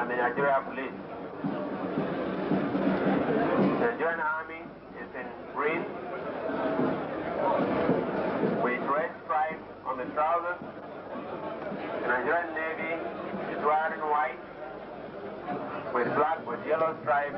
and the Nigeria police. The Nigerian army is in green with red stripes on the trousers. The Nigerian navy is wearing white with black with yellow stripes.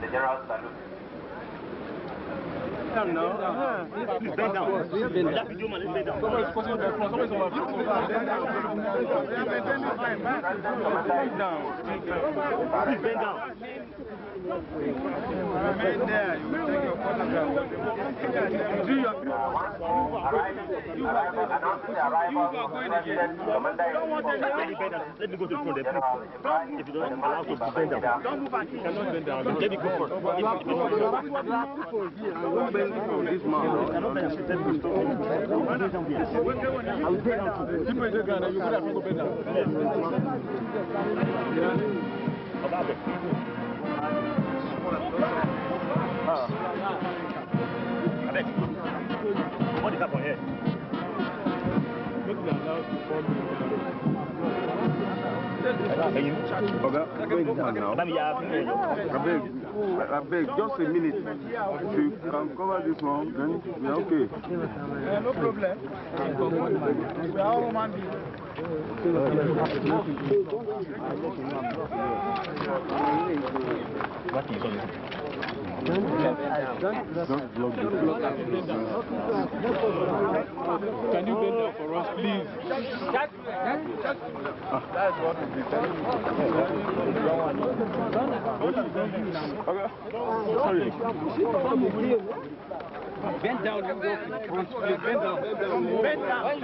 the general salute. Please bend down. Please bend down. bend down. Bend down. Bend down. Please bend down. Remain there. You will take your photograph. Do your you are going again. Don't want any Let me go to front. If you don't allow to bend down, don't move at Cannot bend down. Let me go front. Don't bend down. This man. Cannot bend down. I'll bend down. People in Ghana, you could have to bend down. About it. Come on, come on, yeah. Good man, now it's performing. Ẹyin, ọ̀gá, just a minute. If you can cover this one, then we are okay. Uh, no problem. We are all human beings. What is on? Can you bend down for us, please? That's what is the time. Okay. Sorry. Bend down and down, in down, down. down. down. down. down.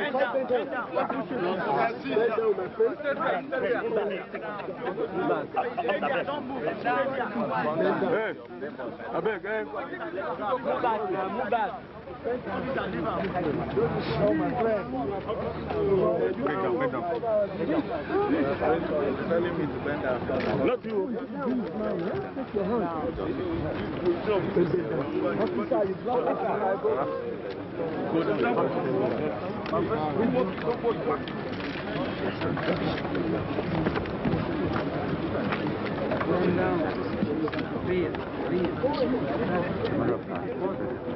down. down. down Oh, my friend. Break up, break up. You're telling me to bend down. Not you. Take your hand. Officer, you block us. Go down. Please, please.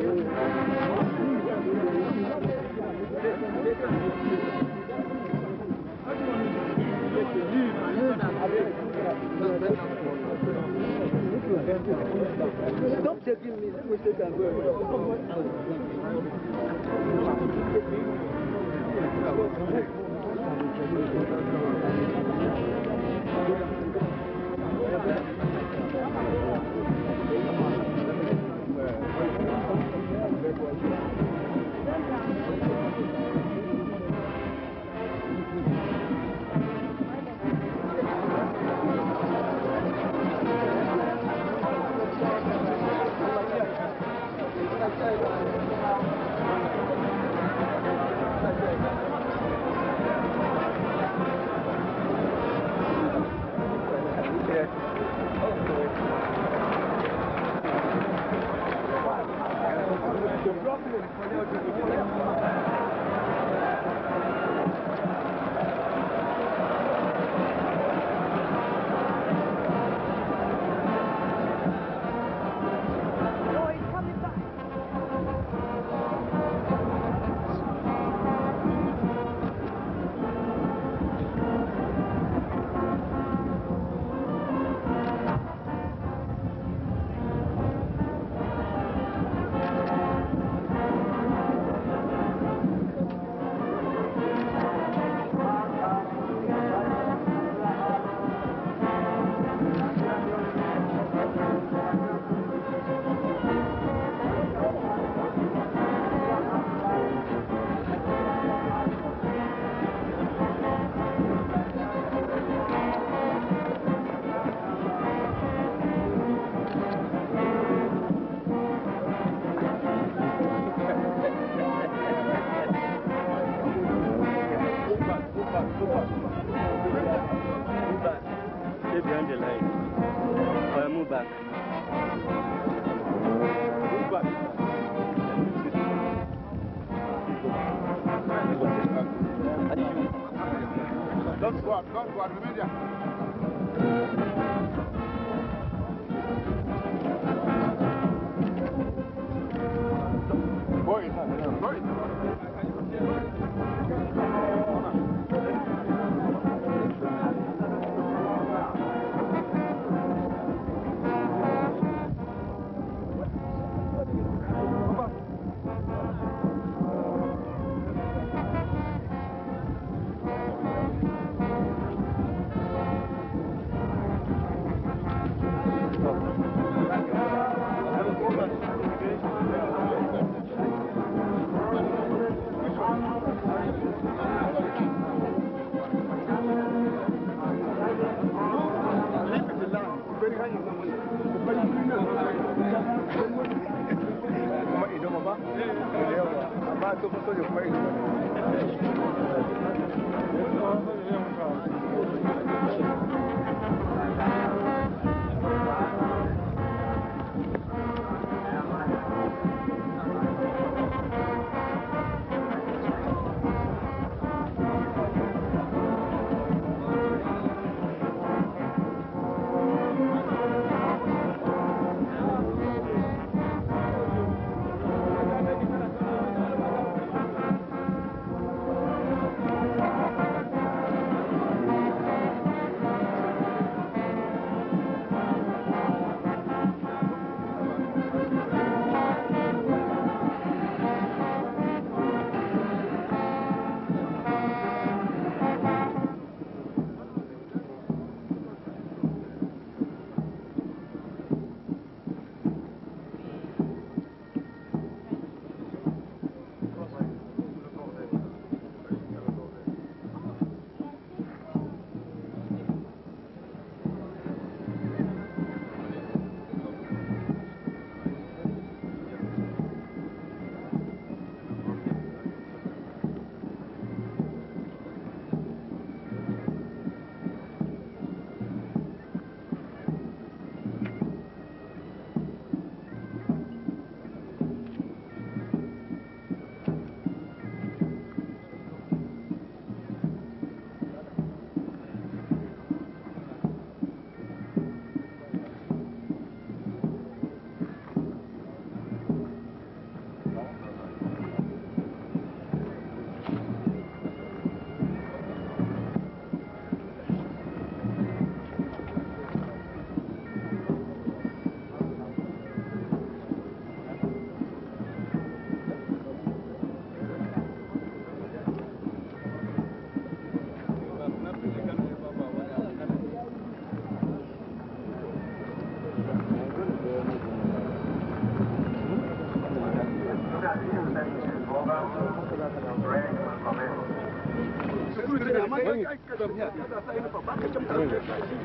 Stop taking me with it and go.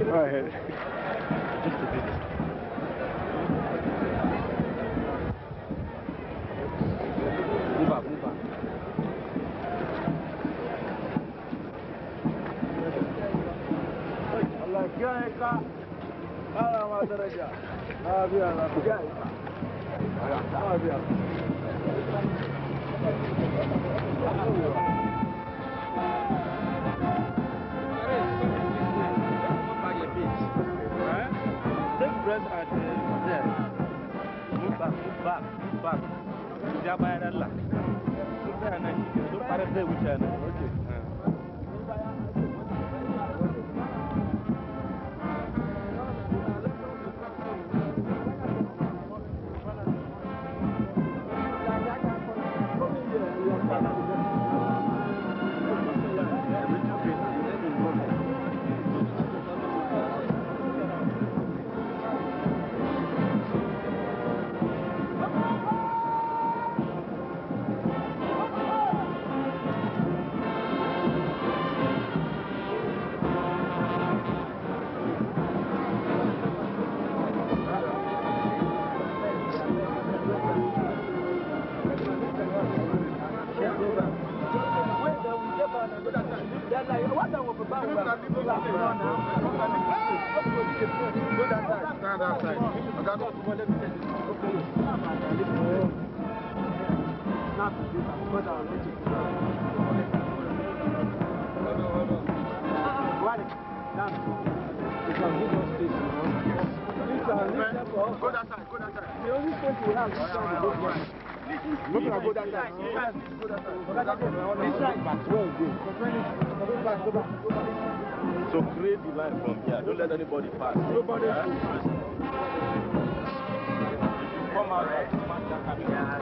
All right. we can. Okay. So create the line from here. Don't let anybody pass. Nobody. Yeah. Come out. Yeah.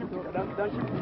ben, ben şimdi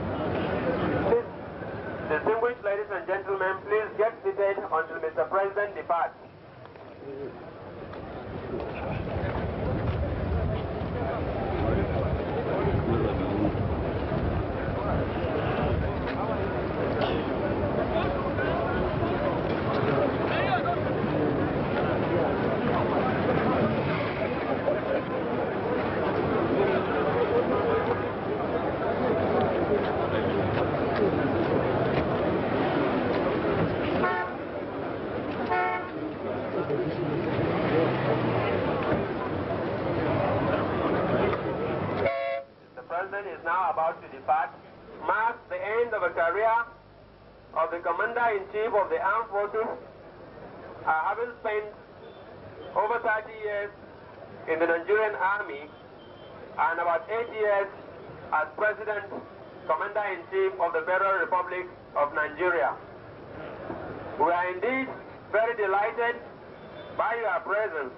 Distinguished ladies and gentlemen, please get seated until Mr. President departs. about to depart marks the end of a career of the Commander-in-Chief of the Armed Forces, uh, having spent over 30 years in the Nigerian Army and about 8 years as President, Commander-in-Chief of the Federal Republic of Nigeria. We are indeed very delighted by your presence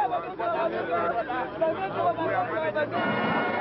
Thank you.